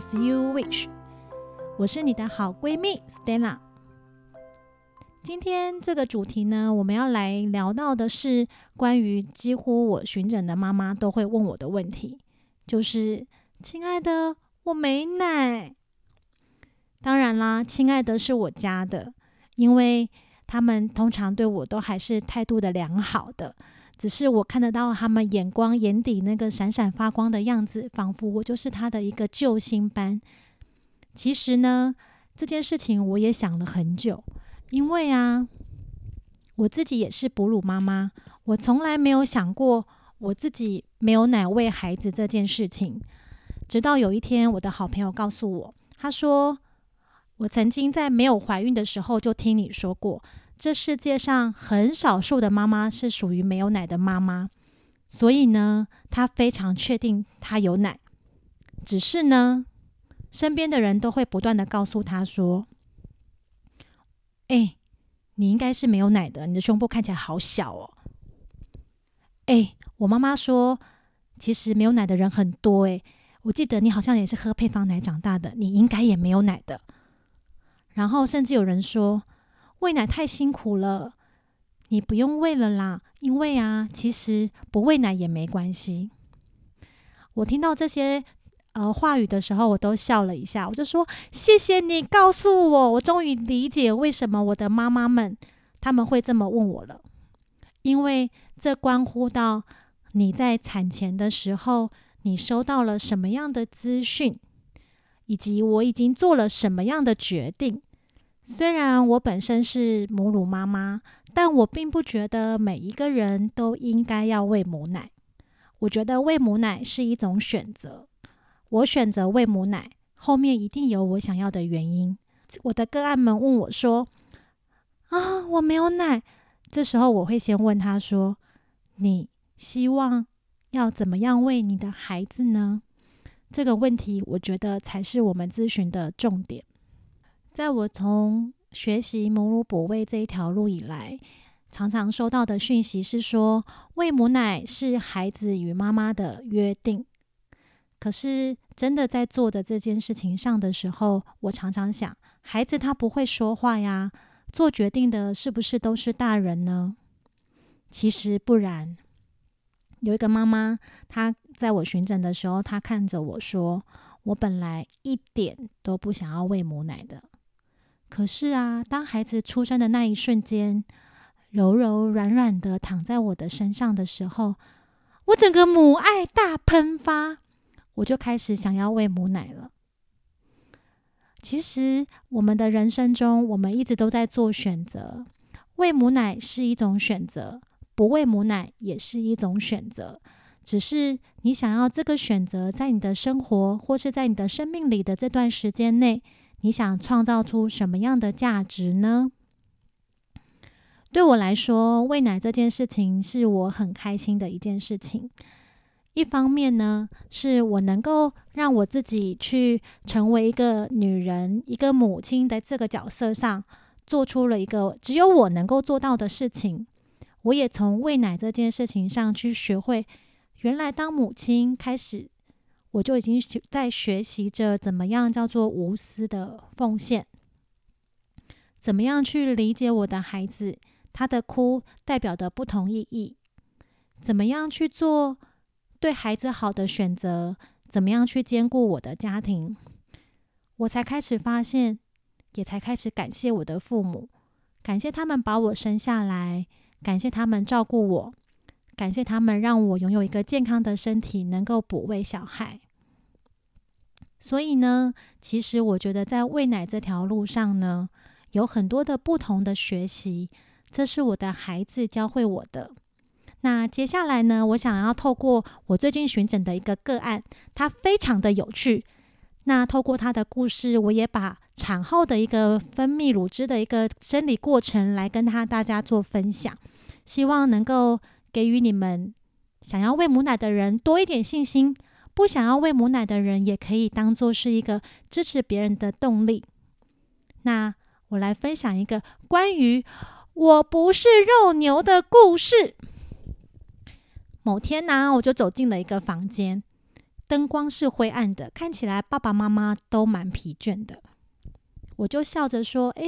As you wish，我是你的好閨蜜 Stella。今天這個主題呢，我們要來聊到的是關於幾乎我巡診的媽媽都會問我的問題，就是“親愛的，我沒奶”。當然啦，“親愛的”是我加的，因為他們通常對我都還是態度的良好的。只是我看得到他們眼光眼底那個閃閃發光的樣子，仿佛我就是他的一個救星般。其實呢，這件事情我也想了很久，因為啊，我自己也是哺乳媽媽，我從來沒有想過我自己沒有奶餵孩子這件事情。直到有一天，我的好朋友告訴我，他說我曾經在沒有懷孕的時候就聽你說過。這世界上很少數的媽媽是屬於沒有奶的媽媽，所以呢，她非常確定她有奶，只是呢，身邊的人都會不斷的告訴她說：“哎，你應該是沒有奶的，你的胸部看起來好小哦。”哎，我媽媽說：“其實沒有奶的人很多。”誒，我記得你好像也是喝配方奶長大的，你應該也沒有奶的。然後，甚至有人說。餵奶太辛苦了，你不用餵了啦。因為啊，其實不餵奶也沒關係。我聽到這些呃話語的時候，我都笑了一下。我就說：“謝謝你告訴我，我終於理解為什麼我的媽媽們她們會這麼問我了。因為這關乎到你在產前的時候，你收到了什麼樣的資訊，以及我已經做了什麼樣的決定。”雖然我本身是母乳媽媽，但我並不覺得每一個人都應該要餵母奶。我覺得餵母奶是一種選擇，我選擇餵母奶，後面一定有我想要的原因。我的個案們問我說：“啊，我沒有奶。”這時候我會先問他說：“你希望要怎麼樣餵你的孩子呢？”這個問題，我覺得才是我們諮詢的重點。在我從學習母乳哺餵這一條路以來，常常收到的訊息是說，餵母奶是孩子與媽媽的約定。可是真的在做的這件事情上的時候，我常常想，孩子他不會說話呀，做決定的是不是都是大人呢？其實不然。有一個媽媽，她在我巡診的時候，她看着我說：“我本來一點都不想要餵母奶的。”可是啊，當孩子出生的那一瞬間，柔柔軟軟的躺在我的身上的時候，我整個母愛大噴發，我就開始想要餵母奶了。其實，我們的人生中，我們一直都在做選擇。餵母奶是一種選擇，不餵母奶也是一種選擇。只是你想要這個選擇，在你的生活或是在你的生命裡的這段時間內。你想創造出什麼樣的價值呢？對我來說，餵奶這件事情是我很開心的一件事情。一方面呢，是我能夠讓我自己去成為一個女人、一個母親的這個角色上，做出了一個只有我能夠做到的事情。我也從餵奶這件事情上去學會，原來當母親開始，我就已經學，在學習着怎麼樣叫做無私的奉獻，怎麼樣去理解我的孩子，他的哭代表的不同意義，怎麼樣去做對孩子好的選擇，怎麼樣去兼顧我的家庭，我才開始發現，也才開始感謝我的父母，感謝他們把我生下來，感謝他們照顧我。感謝他們讓我擁有一個健康的身體，能夠哺餵小孩。所以呢，其實我覺得在餵奶這條路上呢，有很多的不同的學習，這是我的孩子教會我的。那接下來呢，我想要透過我最近巡診的一個個案，它非常的有趣。那透過他的故事，我也把產後的一個分泌乳汁的一個生理過程來跟他大家做分享，希望能夠。給予你們想要餵母奶的人多一點信心，不想要餵母奶的人也可以當做是一個支持別人的動力。那我來分享一個關於我不是肉牛的故事。某天呢、啊，我就走進了一個房間，燈光是灰暗的，看起來爸爸媽媽都蠻疲倦的。我就笑着說：“哎，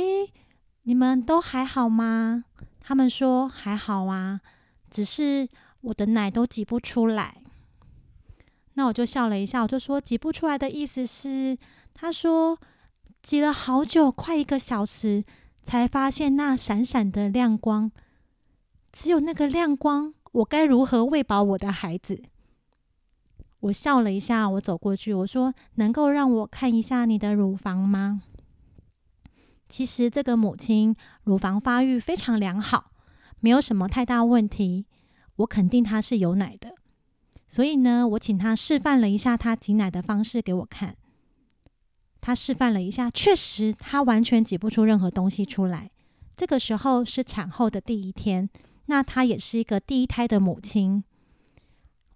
你們都還好嗎？”他們說：“還好啊。”只是我的奶都擠不出來，那我就笑了一下，我就說，擠不出來的意思是？他說，擠了好久，快一個小時才發現那閃閃的亮光，只有那個亮光，我該如何餵飽我的孩子？我笑了一下，我走過去，我說，能夠讓我看一下你的乳房嗎？其實這個母親乳房發育非常良好。沒有什麼太大問題，我肯定他是有奶的，所以呢，我請他示範了一下他擠奶的方式給我看。他示範了一下，確實他完全擠不出任何東西出來。這個時候是產後的第一天，那他也是一個第一胎的母親。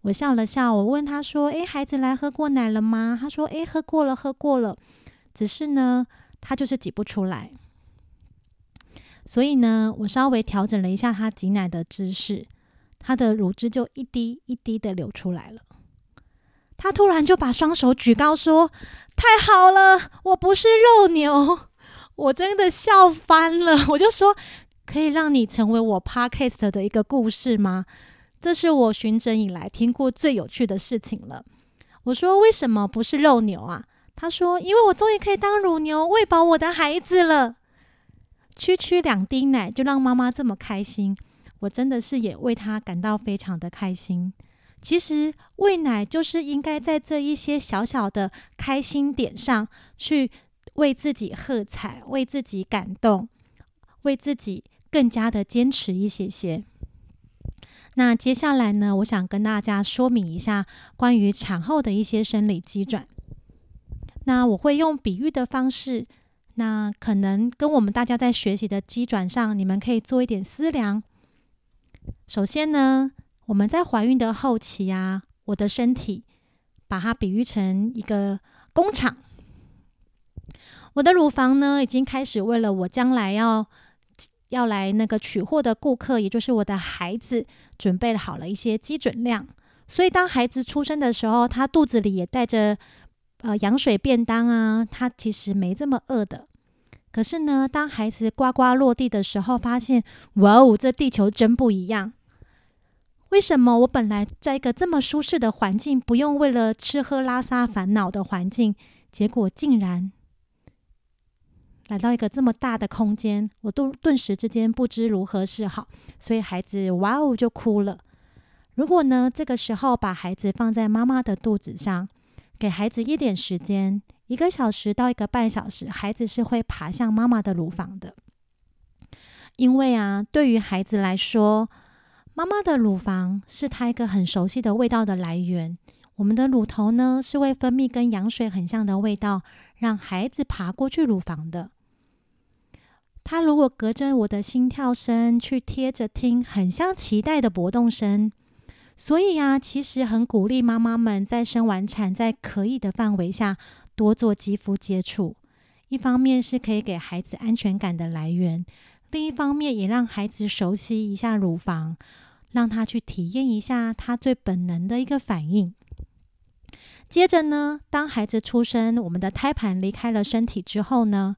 我笑了笑，我問他說：“哎，孩子來喝過奶了嗎？”他說：“哎，喝過了，喝過了。”只是呢，他就是擠不出來。所以呢，我稍微調整了一下他擠奶的姿勢，他的乳汁就一滴一滴的流出來了。他突然就把雙手舉高，說：“太好了，我不是肉牛！”我真的笑翻了。我就說：“可以讓你成為我 podcast 的一個故事嗎？”這是我巡診以來聽過最有趣的事情了。我說：“為什麼不是肉牛啊？”他說：“因為我終於可以當乳牛，餵飽我的孩子了。”區區兩滴奶就讓媽媽這麼開心，我真的是也為她感到非常的開心。其實餵奶就是應該在這一些小小的開心點上去為自己喝彩，為自己感動，為自己更加的堅持一些些。那接下來呢，我想跟大家說明一下關於產後的一些生理機轉。那我會用比喻的方式。那可能跟我們大家在學習的基準上，你們可以做一點思量。首先呢，我們在懷孕的後期啊，我的身體把它比喻成一個工廠，我的乳房呢，已經開始為了我將來要要來那個取貨的顧客，也就是我的孩子，準備了好了一些基準量。所以當孩子出生的時候，他肚子裡也帶着，呃，羊水便當啊，他其實沒這麼餓的。可是呢，當孩子呱呱落地的時候，發現哇哦，這地球真不一樣。為什麼我本來在一個這麼舒適的環境，不用為了吃喝拉撒煩惱的環境，結果竟然來到一個這麼大的空間，我都頓時之間不知如何是好。所以孩子哇哦就哭了。如果呢，這個時候把孩子放在媽媽的肚子上。給孩子一點時間，一個小時到一個半小時，孩子是會爬向媽媽的乳房的。因為啊，對於孩子來說，媽媽的乳房是他一個很熟悉的味道的來源。我們的乳頭呢，是會分泌跟羊水很像的味道，讓孩子爬過去乳房的。他如果隔着我的心跳聲去貼着聽，很像臍帶的搏動聲。所以啊，其實很鼓勵媽媽們在生完產，在可以的範圍下多做肌膚接觸。一方面是可以給孩子安全感的來源，另一方面也讓孩子熟悉一下乳房，讓他去體驗一下他最本能的一個反應。接着呢，當孩子出生，我們的胎盤離開了身體之後呢，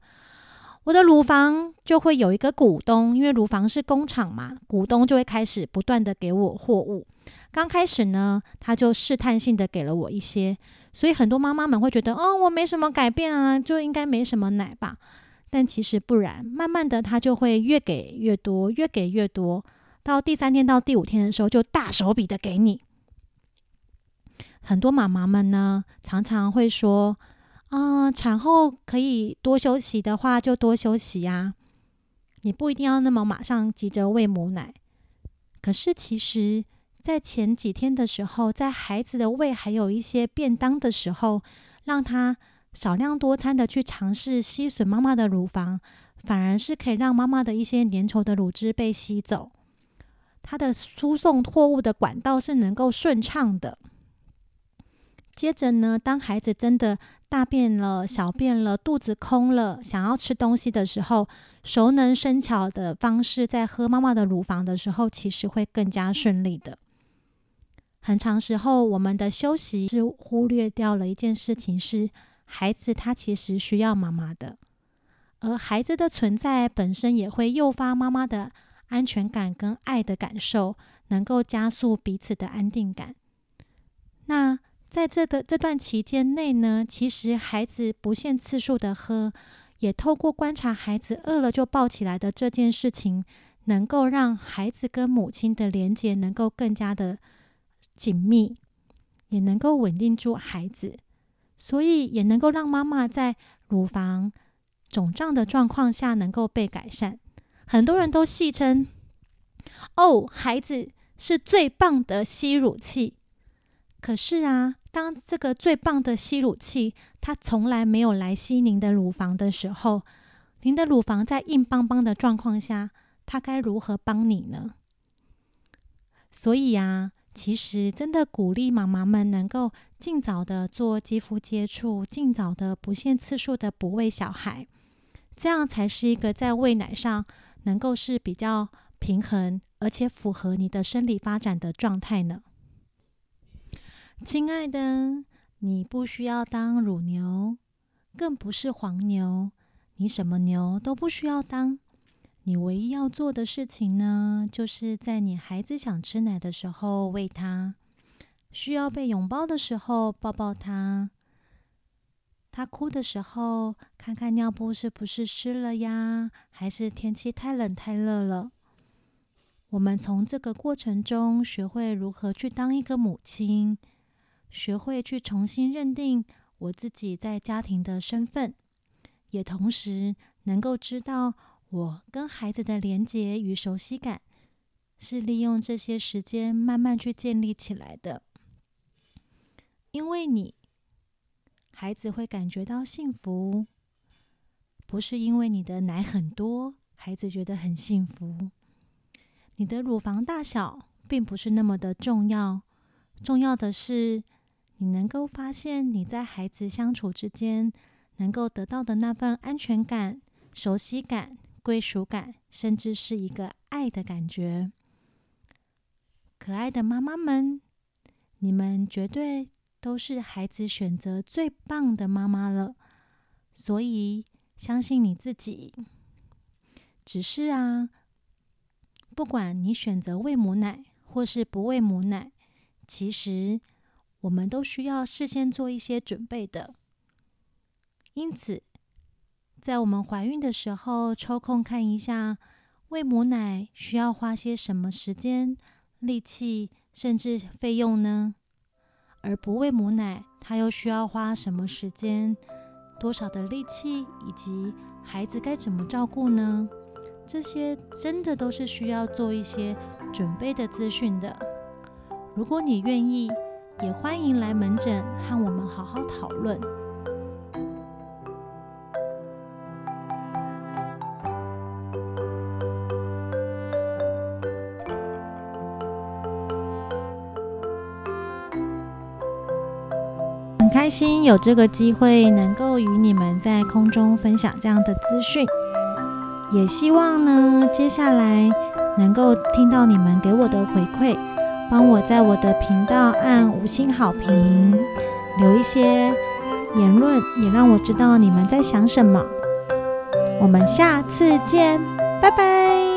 我的乳房就會有一個股東，因為乳房是工廠嘛，股東就會開始不斷的給我貨物。剛開始呢，他就試探性的給了我一些，所以很多媽媽們會覺得，哦，我沒什麼改變啊，就應該沒什麼奶吧。但其實不然，慢慢的他就會越給越多，越給越多，到第三天到第五天的時候，就大手筆的給你。很多媽媽們呢，常常會說，嗯，產後可以多休息的話，就多休息呀、啊。你不一定要那麼馬上急着餵母奶，可是其實，在前幾天的時候，在孩子的胃還有一些便當的時候，讓他少量多餐的去嘗試吸吮媽媽的乳房，反而是可以讓媽媽的一些粘稠的乳汁被吸走，它的輸送貨物的管道是能夠順暢的。接着呢，當孩子真的。大便了，小便了，肚子空了，想要吃東西的時候，熟能生巧的方式，在喝媽媽的乳房的時候，其實會更加順利的。很長時候，我們的休息是忽略掉了一件事情，是孩子他其實需要媽媽的，而孩子的存在本身也會誘發媽媽的安全感跟愛的感受，能夠加速彼此的安定感。那。在這的、個、這段期間內呢，其實孩子不限次數的喝，也透過觀察孩子餓了就抱起來的這件事情，能夠讓孩子跟母親的連接能夠更加的緊密，也能夠穩定住孩子，所以也能夠讓媽媽在乳房腫脹的狀況下能夠被改善。很多人都戲稱：“哦，孩子是最棒的吸乳器。”可是啊。當這個最棒的吸乳器，它從來沒有來吸您的乳房的時候，您的乳房在硬邦邦的狀況下，它該如何幫你呢？所以呀，其實真的鼓勵媽媽們能夠儘早的做肌膚接觸，儘早的不限次數的哺餵小孩，這樣才是一個在餵奶上能夠是比較平衡，而且符合你的生理發展的狀態呢。親愛的，你不需要當乳牛，更不是黃牛，你什麼牛都不需要當。你唯一要做的事情呢，就是在你孩子想吃奶的時候餵他，需要被擁抱的時候抱抱他，他哭的時候看看尿布是不是濕了呀，還是天氣太冷太熱了。我們從這個過程中學會如何去當一個母親。學會去重新認定我自己在家庭的身份，也同時能夠知道我跟孩子的連接與熟悉感，是利用這些時間慢慢去建立起來的。因為你，孩子會感覺到幸福，不是因為你的奶很多，孩子覺得很幸福。你的乳房大小並不是那麼的重要，重要的是。你能夠發現你在孩子相處之間能夠得到的那份安全感、熟悉感、歸屬感，甚至是一個愛的感覺。可愛的媽媽們，你們絕對都是孩子選擇最棒的媽媽了。所以，相信你自己。只是啊，不管你選擇餵母奶或是不餵母奶，其實。我們都需要事先做一些準備的，因此，在我們懷孕的時候，抽空看一下餵母奶需要花些什麼時間、力氣，甚至費用呢？而不餵母奶，它又需要花什麼時間、多少的力氣，以及孩子該怎麼照顧呢？這些真的都是需要做一些準備的資訊的。如果你願意。也歡迎來門診和我們好好討論。很開心有這個機會能夠與你們在空中分享這樣的資訊，也希望呢接下來能夠聽到你們給我的回饋。幫我在我的頻道按五星好評，留一些言論，也讓我知道你們在想什麼。我們下次見，拜拜。